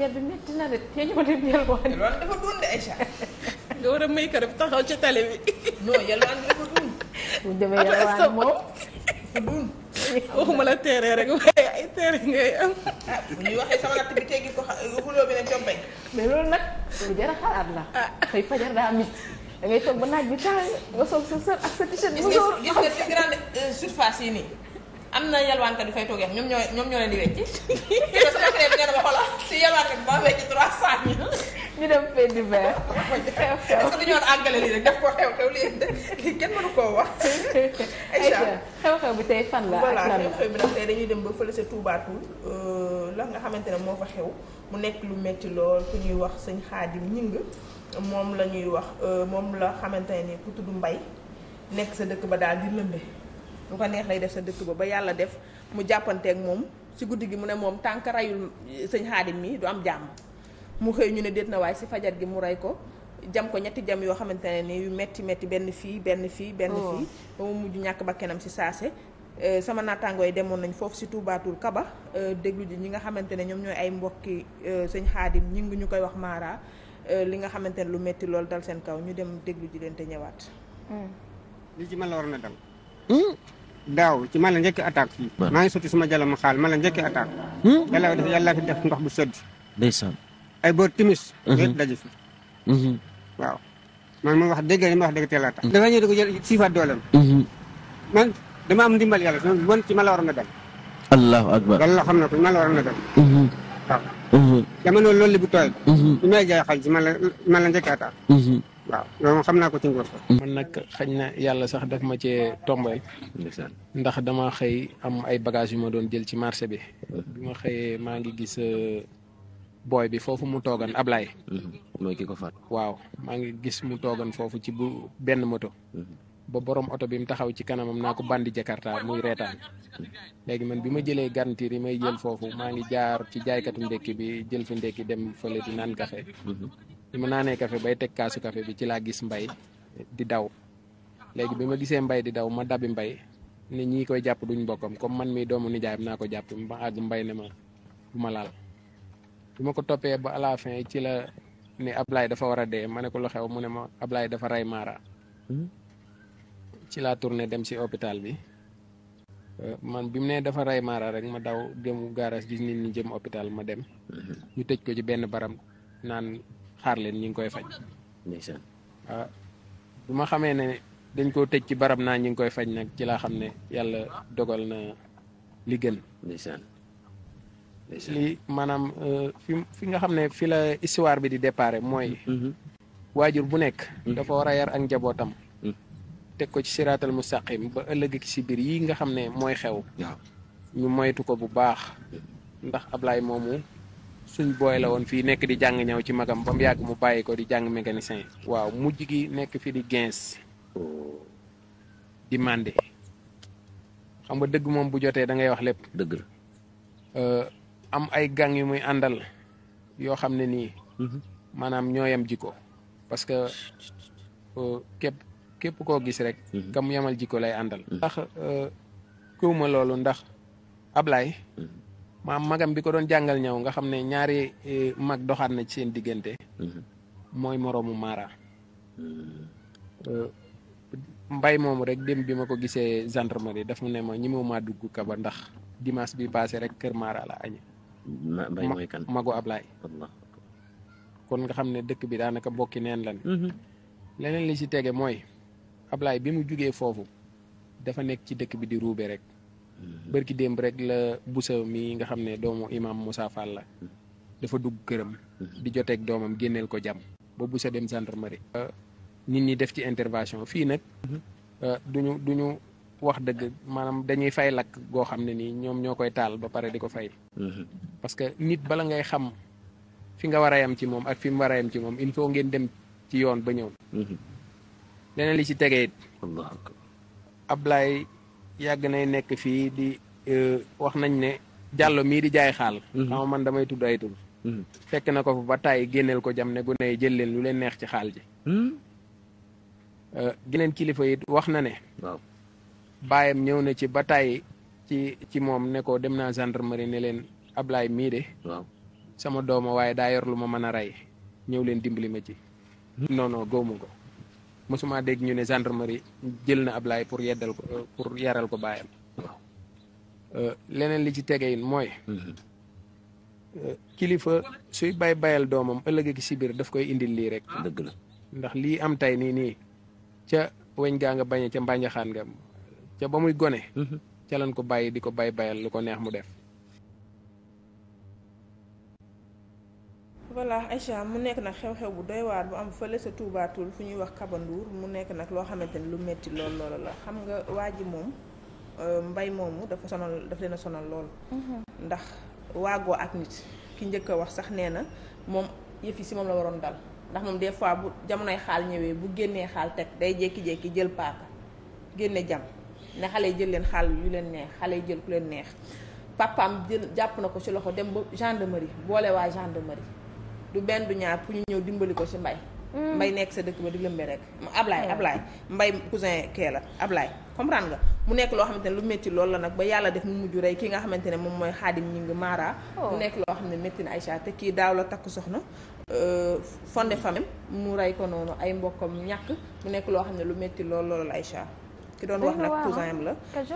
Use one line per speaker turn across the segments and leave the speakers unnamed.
biir bi métti na de yaa ñu ko def
yalwaan. yalwaan dafa dund Aïcha. nga war a may kar def taxaw ci tali bi. non yalwaan dafa dund. bu demee yalwaan moom. dafa dund. waxuma rek waaye ay teere ngay am. ah bu ñuy waxee sama natt bi teggi ko xa xuloo bi ne jombay. mais loolu nag
lu jar a xalaat la. xëy fajar daa mit da ngay toog ba naaj bi tàng nga soog sa sër ak sa t-shirt. bu nga si grande
yi nii. am na yalwaankat yu fay toogee ñoom ñoo ñoom ñoo leen di wecci sama xarit nee na ma xoolal si yalwaankat bi ba wecci trois cent
ñu dem fee a àggale lii
xew xew wax. ayca
xew-xew bi tey fan la ak lan la xew
bi nag tey dañuy dem ba fële sa Toubatoul euh, la nga xamante ne moo fa xew mu nekk lu metti lool ku ñuy wax sëñ Xaadim ñing moom la ñuy wax euh, moom la xamante ne ku tudd mbay nekk sa dëkk ba daal di lëmbe lu ko neex lay def sa dëkk ba ba yàlla def mu jàppanteeg moom si guddi gi mu ne moom tànk rayul eh, sëñ xaadim mi du am jàmm mu xëy ñu ne déet na waaye si fajar gi mu rey ko jam ko ñetti jam yoo xamante ne ni yu metti metti benn fii benn fii benn oh. fii ba mu mujj ñàkk ba kenam si saase eh, sama naataangoo yi demoon nañ foofu si tuubaatul kaba eh, déglu ji ñi nga xamante ne ñoom ñooy ay mbokki sëñ xaadim ñi ngi ñu koy wax maara li nga xamante ne lu metti loolu dal seen kaw ñu dem déglu ji leen te ñëwaat
hmm.
daaw ci maa la njëkk attaque fii maa ngi sotti sama jalama xaal maa la njëkk attaque hmm? yàlla def yàlla fi def ndox bu sëdd ay boor timis lépp hmm. daje fi hmm. waaw man ma wax dëgg li ma wax dëgg teel a tax dafa ñëw di ko jël siifaat dooleem man dama am ndimbal yàlla sama bon ci ma la waroon a dal allahu akbar yàlla xam na ko ma la waroon a dal waaw jamono loolu li bu tooy bi may jaay xal ci ma la ma njëkk attaque waaw loolu xam naa ko ci ngóor fa man nag xañ na yàlla sax daf ma cee tombeel ndax dama xëy am ay bagages yu ma doon jël ci marché bi bi ma xëyee maa ngi gis euh, booy bi foofu mu toogan Ablaye mm-hmm. mooy ki ko faat waaw maa ngi gis mu toogan foofu ci bu benn moto mm-hmm. ba borom oto bi mu taxaw ci kanamam naa ko bandi jakarta muy reetaan léegi man bi ma jëlee garniture yi may jël foofu maa ngi jaar ci jaaykatu ndekki bi jël fi ndekki dem fële di naan kafe mm-hmm. bi ma naanee kafe bay teg kaasu café bi ci laa gis mbay di daw léegi bi ma gisee mbay di daw ma dabi mbay ne ñi koy jàpp duñ bokkam comme man mii doomu nijaayam naa ko jàpp ma àgg mbay ne ma bu ma laal bi ma ko toppee ba à fin ci la ne Ablaye dafa war a dee ma ne ko lu mu ne ma Ablaye dafa rey Mara hmm? ci laa tourné dem si hôpital bi euh, man bi mu ne dafa ray Mara rek ma daw jëm gaaraas gis nit ñi jëm hôpital ma dem hmm. ñu tëj ko ci benn baram naan xaar leen ñu ngi koy faj. ndeysaan ah, bu ma xamee ne dañ koo tëj ci barab naa ñu ngi koy faj nag ci laa xam ne yàlla dogal na li gën. li maanaam euh, fi nga xam ne fi la histoire bi di déparé mooy. Mm-hmm. waajur bu nekk. Mm-hmm. dafa war a yar ak njabootam. Mm-hmm. teg ko ci siraatal mustaqim ba ëllëg si biir yi nga xam ne mooy xew. ñu moytu ko bu baax. ndax Ablaye moomu. suñ booy la woon fii nekk di jàng ñëw ci magam ba mu yàgg mu bàyyi ko di jàng mécanicien waaw mujj gi nekk fi di gens di mandé xam nga dëgg moom bu jotee da ngay wax lépp dëgg la euh, am ay gang yu muy àndal yoo xam ne nii mhm. maanaam ñooyam jikko parce que euh, képp képp koo gis rek mhm. kam yamal jikko lay àndal mhm. ndax euh, këw ma loolu ndax Ablaye maam magam bi ko doon jàngal ñëw nga xam ne ñaari eh, mag doxaat na ci seen diggante mm-hmm. mooy moroomu Mara mm-hmm. euh, mbay moomu rek dem bi ma ko gisee gendarmerie daf mu ne ñi moo maa dugg kaba ndax dimanche bi passé rek kër Mara la añe magu Ablaay kon nga xam ne dëkk bi daanaka bokki neen lan mm-hmm. leneen li ci tege mooy Ablaay bi mu jugee foofu dafa nekk ci dëkk bi di ruube rek bërki démb rek la busa mi nga xam ne doomu imam Moussa Fall la dafa dugg këram di joteeg doomam génneel ko jàmm ba busa dem gendarmerie ah, nit ñi def ci intervention fii nag mhm. ah, duñu duñu wax dëgg maanaam dañuy fay lakk goo xam ne nii ñoom ñoo koy taal ba pare di ko fay mhm. parce que nit bala ngay xam fi nga war a yam ci moom ak fi mu war a yam ci moom il faut ngeen dem ci yoon ba ñëw mhm. leneen li ci tegee it Ablaye yàgg nay nekk fii di euh, wax nañ ne jàllo mii di jaay xaal mhm. xama man damay tudd ay mhm. fekk na ko fa ba tàyyi génneel ko jam ne gu ne jël leen lu leen neex ci xaal ji hmm? euh, geneen kilifa yi wax na ne baayam ñëw na ci ba tàyyi ci ci moom nekkoo dem naa gendarmerie ne leen Ablaay mii de sama dooma waaye daa yor lu ma mën a rey ñëw leen dimbali ma ci hmm? non non góomu ko mosuma dégg ñu ne gendarmerie jël na Ablaye pour yeddal ko euh, pour yaral ko baayam euh, leneen li ci tege yin mooy mm-hmm. euh, kilifa suy bay bayal doomam ëllëg ki si biir daf koy indil lii rek dëgg la ndax lii am tey nii nii ca weñ gaa nga bañe ca mbànjaxaan nga ca ba muy gone mm-hmm. ca leen ko bàyyi di ko bay bayal lu ko neex mu def
voilà Aïcha mu nekk nag xew-xew bu doy waar bu am fële sa Touba Toul fu ñuy wax kabanduur mu nekk nag loo xamante ni lu metti lool loola la xam nga waa ji moom euh, mbay moomu dafa sonal dafa leen a sonal lool. Mm-hmm. ndax waagoo ak nit ki njëkk a wax sax nee na moom yëf yi si moom la waroon dal ndax moom des fois bu jamonoy xaal ñëwee bu génnee xaal teg day jékki-jékki jël paaka génne jam ne xale yi jël leen xaal yu leen neex xale yi jël ku leen neex papaam jël jàpp na ko ci loxo dem ba gendarmerie boole waa gendarmerie. du benn du ñaar pour ñu ñëw dimbali ko ci mbay. Mm. mbay nekk sa dëkk ba di lëmbee rek ablaay ablaay mm. mbay cousin kee la ablaay comprendre nga mu nekk loo xamante ne lu métti loolu la nag ba yàlla def mu mujj rey ki nga xamante ne moom mooy xaadim ñi ngi maara oh. mu nekk loo xam ne métti na Aïcha te kii daaw la takk soxna euh, fonde famem mu rey ko noonu ay mbokkam ñàkk mu nekk loo xam ne lu métti lool loolu la Aïcha ki doon wax nag cousin am la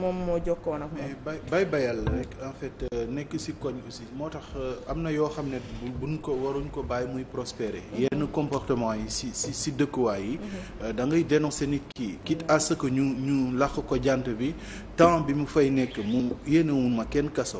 moom moo jokkoon ak moom eh,
bay bay en fait euh, nekk si koñ moo tax euh, am na yoo xam ne buñ ko waruñ ko bàyyi muy prospérer mhm. yenn comportement yi si si si dëkkuwaay yi mhm. euh, dangay ngay dénoncer nit kii quitte à ce que ñu ñu làq ko jànt bi temps bi mu fay nekk mu yéenewuma kenn kaso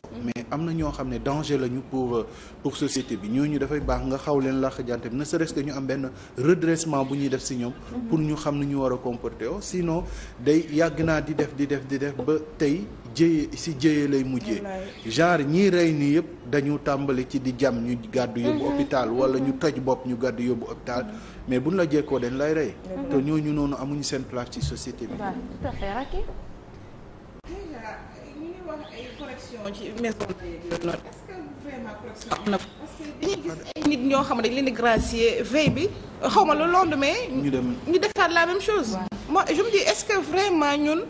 am na ñoo xam ne danger lañu pour euh, pour société bi ñu dafay baax nga xaw leen làq jante bi ne serait-ce ñu am benn redressement bu ñuy def si ñoom. Mhm. pour ñu xam nu ñu war a comporter oo oh, sinon day yàgg naa di def di def di def ba tey jëye si jëye lay mujjee. genre ñi rey nii yëpp dañu tàmbali ci di jam ñu gàddu yóbbu mhm. hôpital wala ñu mhm. toj bopp ñu gàddu yóbbu hôpital mais buñ la jekkoo dañ lay rey. te ñu noonu amuñu seen place ci société bi.
ay correction ci maison noonu am na dañuy gis ay nit ñoo xam ne dañ leen di gracier bi xaw ma le lendemain ñu defaat la même chose moi je me dis est-ce que vraiment ñun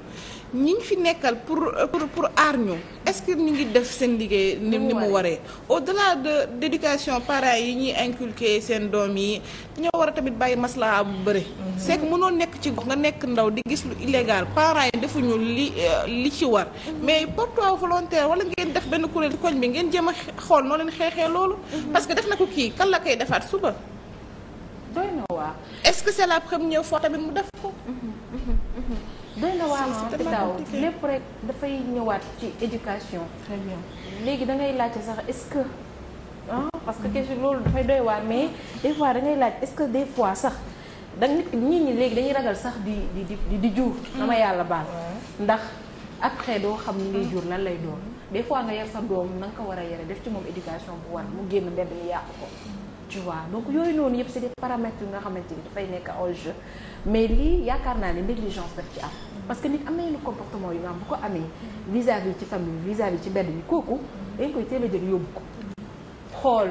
ñi ñiñ fi nekkal pour pour pour aar ñu est-ce que ñu ngi def seen liggéey ni ni mu waree au-delà de d'éducation parents yi ñuy inculquer seen doom yi dañoo war a tamit bàyyi maslaa bu bëri mhm. c'est que mënoo nekk ci gox nga nekk ndaw di gis lu illégal parent yi defu ñu li euh, li ci war mhm. mais porte-voix volontaire wala ngeen def benn kuréel ci koñ bi ngeen jëm a xool noo leen xeexee loolu mhm. parce que def na ko kii kan la koy defaat suba doy est-ce que c'est la première fois tamit mu def ko
doy na waaw ah, taw lépp rek dafay ñëwaat ci éducation. très léegi da ngay laajte sax est-ce que ah parce que mm-hmm. question loolu dafay doy waar mais des fois da ngay laaj est-ce que des fois sax da nit nit ñi léegi dañuy ragal sax di di di di jur. Mm-hmm. dama yàlla baal. ndax après doo xam ni ngay mm-hmm. jur lan lay doon. des fois nga yar sa doom na nga ko war a yare def ci moom éducation bu war mu génn mbedd mi yàq ko. tu vois donc yooyu noonu yëpp c'est des paramètres yu nga xamante ni dafay nekk en jeu mais lii yaakaar naa ne négligence daf ci am parce que nit am na yenn comportement yu nga xam bu ko amee vis-à-vis ci famille vis vis ci mbedd bi kooku dañ koy teel a yóbbu ko xool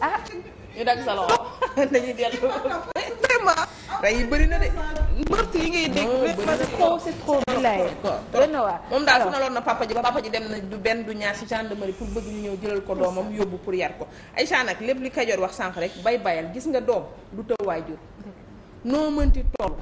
ah ñu dagg sa loxo dañuy dellu. vraiment rey yi bëri na de. meurtre yi ngay dégg. Oh, trop c'est trop bilaay. moom daal sonaloon na papa ji ba papa ji dem na du benn du ñaar ci gendarmerie pour bëgg ñu ñëw jëlal ko doomam yóbbu pour yar ko. ay nag lépp li Kajoor wax sànq rek bay bayal gis nga doom du tëw waajur noo mënti toll.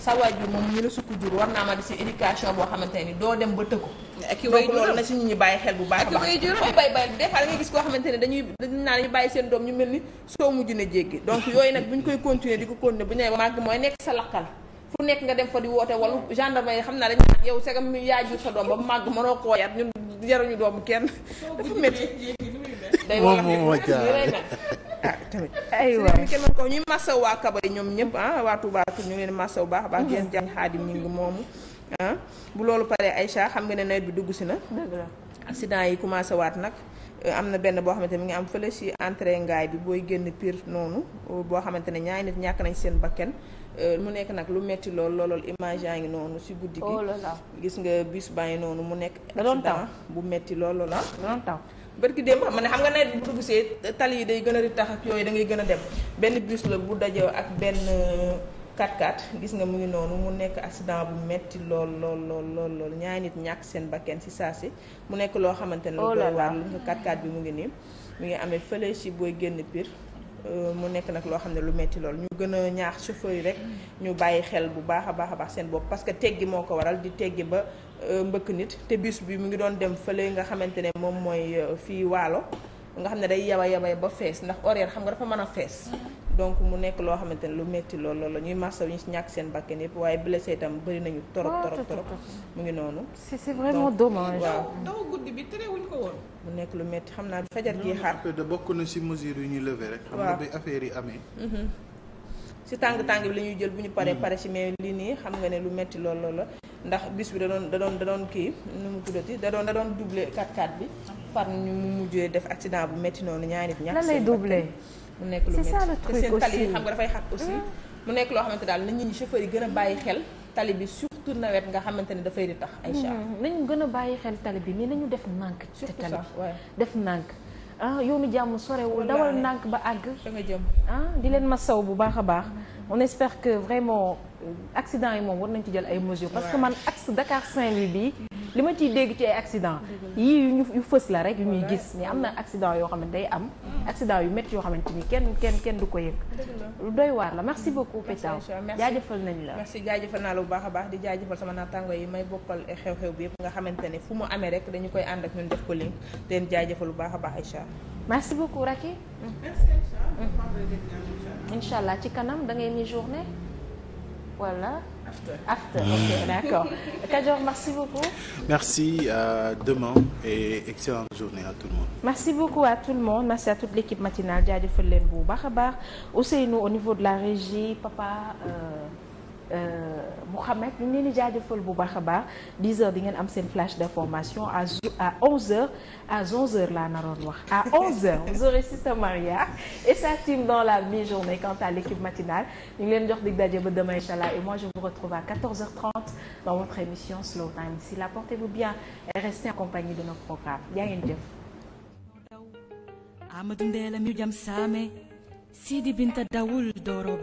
sa waajur moom ñu la sukk jur war naa ma di si éducation boo xamante ni doo dem ba tëkku. ak i way loolu na si nit ñi bàyyi xel bu baax a baax. ak i way juróom bay bay des fois da ngay gis koo xamante dañuy dañu bàyyi seen doom ñu mel ni soo mujj na jéggi donc yooyu nag bu ñu koy continuer di ko continuer bu ñu nee màgg mooy nekk sa lakkal fu nekk nga dem fa di woote wala gendarme yi xam naa dañu naan yow segam yaa jur sa doom ba màgg mënoo koo yar ñun jaruñu doomu kenn dafa métti day ah tamit aywa kenn ko ñuy massa waa Kabay ñoom ñëpp ah waa Touba ñu leen massa bu baax baax di leen mm-hmm. jàng xaadim ñu ngi moomu ah bu loolu paree ay Aïcha xam nga ne nawet bi dugg si na accident yi commencé waat nag euh, am na benn boo xamante mi ngi am fële si entrée ngaay bi booy génn piir noonu euh, boo xamante ne ñaari nit ñàkk nañ seen bakken euh, mu nekk nag lu metti lool loolool image yaa ngi noonu si guddi gi oh gis nga bus baa noonu mu nekk accident bu metti lool loola ah. bërki démb xam nga ne xam nga nawet bi bu duggsee tali yi day gën a ritax ak yooyu dangay gën a dem benn bus la bu dajoo ak benn 4-4 euh, gis nga mu ngi noonu mu nekk accident bu metti lool lool lool lool lool ñaari nit ñàkk seen bakken si saa si mu nekk loo xamante ne lu oh doy waar lu nga 4-4 bi mu ngi nii mu ngi amee fële si booy génn piir euh, mu nekk nag loo xam ne lu metti lool ñu gën a ñaax chauffeur yi rek ñu bàyyi xel bu baax a baax a baax seen bopp parce que teggi moo ko waral di teggi ba Euh, mbëkk nit te bis bi mu ngi doon dem fële nga xamante ne moom mooy euh, fii waalo nga xam ne day yaba yabay ba fees ndax horaire xam nga dafa mën a fees. donc mu nekk loo xamante ne lu metti lool lool la ñuy massa ñu ñàkk seen bakken yëpp waaye blessé itam bëri nañu torop torop torop mu ngi noonu. c'est c'est vraiment dommage. waaw daw guddi bi ko woon. mu nekk lu metti xam naa fajar gi xaar.
bokk na si mesure yu ñu levé rek. xam nga bi affaire yi amee.
Mhm. si tàng tàng bi la ñuy jël bu ñu paree mm. pare si mais lii nii xam nga ne lu metti lool lool la ndax bis bi da doon da doon da kii nu mu tuddati da doon da doon doublé 4x4 bi far ñu mu mujjee def accident bu metti noonu ñaari nit ñàkk lan lay
mu nekk lu metti
dafay xat aussi mm. mu nekk loo xamante daal na ñit ñi chauffeur gën a bàyyi xel tali bi surtout nawet nga xamante ne dafay di tax ay mm-hmm.
nañu gën a bàyyi xel tali bi mais nañu def nànk ci tali def nànk ah yoonu jàmm sorewul dawal ndànk ba àgg ah di leen saw bu baax a baax on espère que vraiment euh, accident yi moom war nañ ci jël ay mesures parce que man axe Dakar Saint-Louis bi li ma ciy dégg ci ay accident yii yu ñu fës la rek yu ñuy gis ni am na accident yoo xam ne day am accident yu métti yoo xamante ni kenn kenn kenn du ko yëg lu doy waar la merci beaucoup Pétaw jaajëfal nañ la merci jaajëfal naa la bu baax a baax di jaajëfal sama naataango yi may
bokkal xew-xew bi yëpp nga xamante ne fu mu amee rek dañu koy ànd ak ñun def ko lii leen jaajëfal bu baax a baax Aïcha
merci beaucoup Racky merci Aïcha mm. incha allah ci kanam da ngay ni journée Voilà. la After. ok mm. d'accord. Kadior, merci beaucoup.
merci à euh, demain excellente journée à tout le monde.
merci beaucoup à tout le monde merci à toute l'équipe matinale jaajëfal leen bu baax a baax Ousseynou au niveau de la régie papa. Euh, Euh, Mouhamed ñu ngi leen di jaajëfal bu baax a baax 10h di ngeen am seen flash d'information à à 11h à 11h laa naroon wax à 11h vous aurez Maria et sa team dans la mi-journée quant à l'équipe matinale ñu le leen jox dig daje ba demain inchallah et moi je vous retrouve à 14h30 dans votre émission Slow Time d'ici là vous bien et restez en compagnie de nos programmes yaa ngeen jëf. Amadou Ndeye la ñu jam saame Sidi Binta Dawul Doro